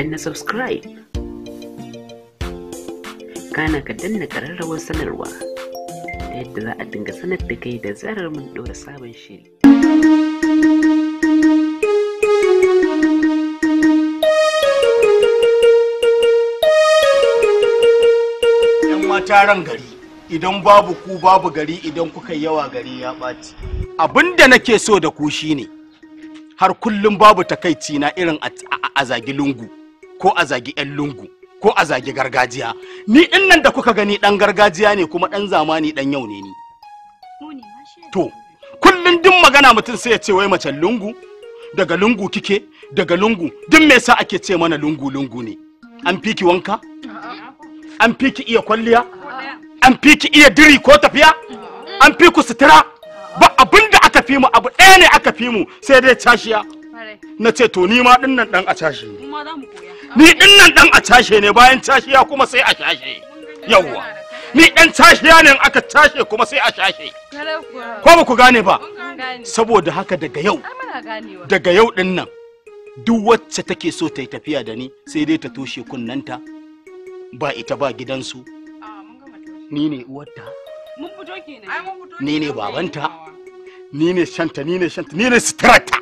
danna subscribe kana ka danna ƙararrawar sanarwa ta yadda za a dinga sanar da kai da zarar mun ɗora sabon shiri yan mata gari idan babu ku babu gari idan kuka yawa gari ya ɓaci abin da nake so da ku shine har kullum babu takaici na irin a zagi lungu ko a zagi 'yan lungu ko a zagi gargajiya ni din nan da kuka gani ɗan gargajiya ne kuma ɗan zamani ɗan yau ne ni to kullum din magana mutum sai ya ce wai macen lungu daga lungu kike daga lungu din me yasa ake ce mana lungu lungu ne an fiki wanka an fiki iya kwalliya an fiki iya diri ko tafiya an fi ku sutura ba abin da aka fi mu abu ɗaya ne aka fi mu sai dai cashiya na ce to ni ma ɗin nan ɗan a cashi ni din nan dan a cashe ne bayan cashiya kuma sai a cashe yawwa ni dan cashiya ne aka cashe kuma sai a cashe ko ba ku gane ba saboda haka daga yau daga yau din nan duk wacce take so ta yi tafiya da ni sai dai ta toshe kunnanta ba ita ba gidansu ni ne uwarta ni ne babanta ni ne shanta ni ne shanta ni ne suturarta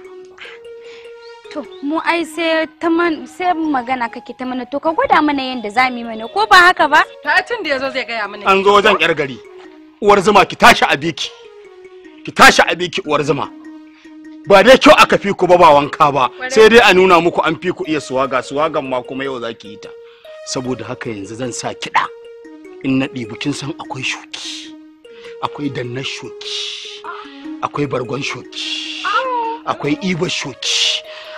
To, mu ai sai ta sai magana kake ta mana to ka gwada mana yadda za mu yi mana ko ba haka ba? Ta tun da yazo zai gaya mana. An zo wajen yar gari. Uwar zuma ki tashi a biki. Ki tashi a biki uwar zuma. Ba dai kyau aka fi ku ba ba wanka ba. Sai dai a nuna muku an fi ku iya suwaga suwagan ma kuma yau zaki yi ta. Saboda haka yanzu zan sa kiɗa. In na ɗibi kin san akwai shoki. Akwai dannar shuki Akwai bargon shuki Akwai ibar shuki.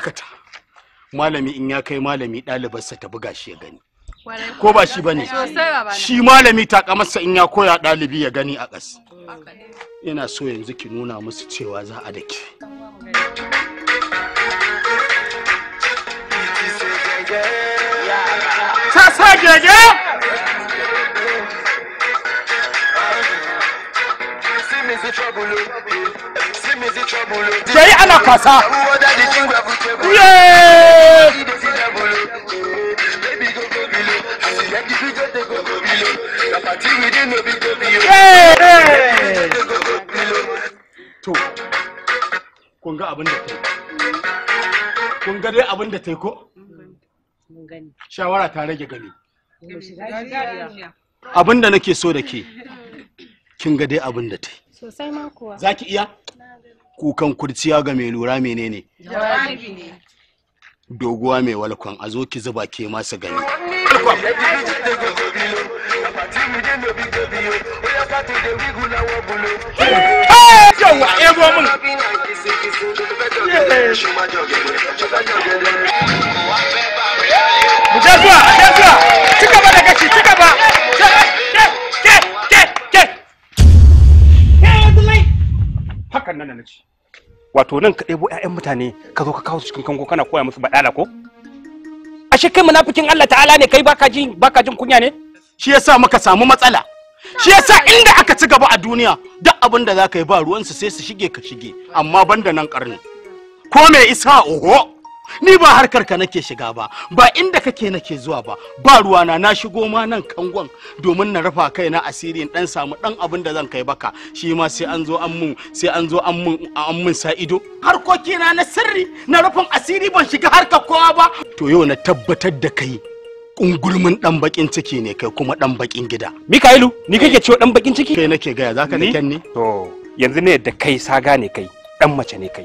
dakata malami in ya kai malami ɗalibarsa ta buga shi ya gani ko ba shi bane shi malami takamarsa in ya koya ɗalibi ya gani a ƙas ina so yanzu ki nuna musu cewa za a dake ta eh? jayi ana kwasa to kun ga abin da ta yi kun ga dai abin da ta yi ko shawara ta rage gani abin da nake so da ke kin ga dai abin da ta yi za ki iya kukan kurciya ga mai lura menene doguwa mai walkon a zo ki zuba ke masa gani yawa ebo Yeah. wato nan ka ɗebo 'ya'yan mutane ka zo ka kawo su cikin kango kana koya musu baɗala ko ashe kai munafikin Allah ta'ala ne kai baka jin baka jin kunya ne shi yasa muka samu matsala shi yasa inda aka ci gaba a duniya duk abin da zaka yi ba su sai su shige ka shige amma banda nan karni ko me isa oho ni ba harkar ka nake shiga ba ba inda kake nake zuwa ba ba ruwana na shigo ma nan kangon domin na rufa kaina asiri in dan samu dan abin da zan kai baka shi ma sai an zo an mun sai an zo an mun an mun sa ido harkoki na na sirri na rufin asiri ban shiga harkar kowa ba to yau na tabbatar da kai kungulmin dan bakin ciki ne kai kuma dan bakin gida Mikailu ni kake ciwo dan bakin ciki kai nake gaya zaka da kenne to yanzu ne da kai saga ne kai dan mace ne kai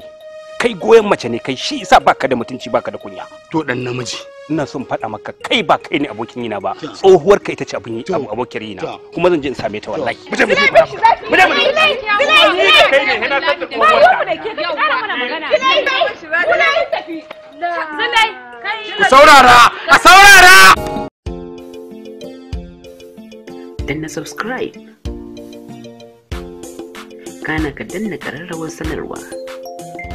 kai goyon mace ne kai shi isa baka da mutunci baka da kunya to dan namiji ina son faɗa maka kai ba kai ne abokin yina ba tsohuwar ka ita ce abin abokiyar yina kuma zan je in same ta wallahi mu je mu je mu je mu je ku saurara a saurara danna subscribe kana ka danna kararrawar sanarwa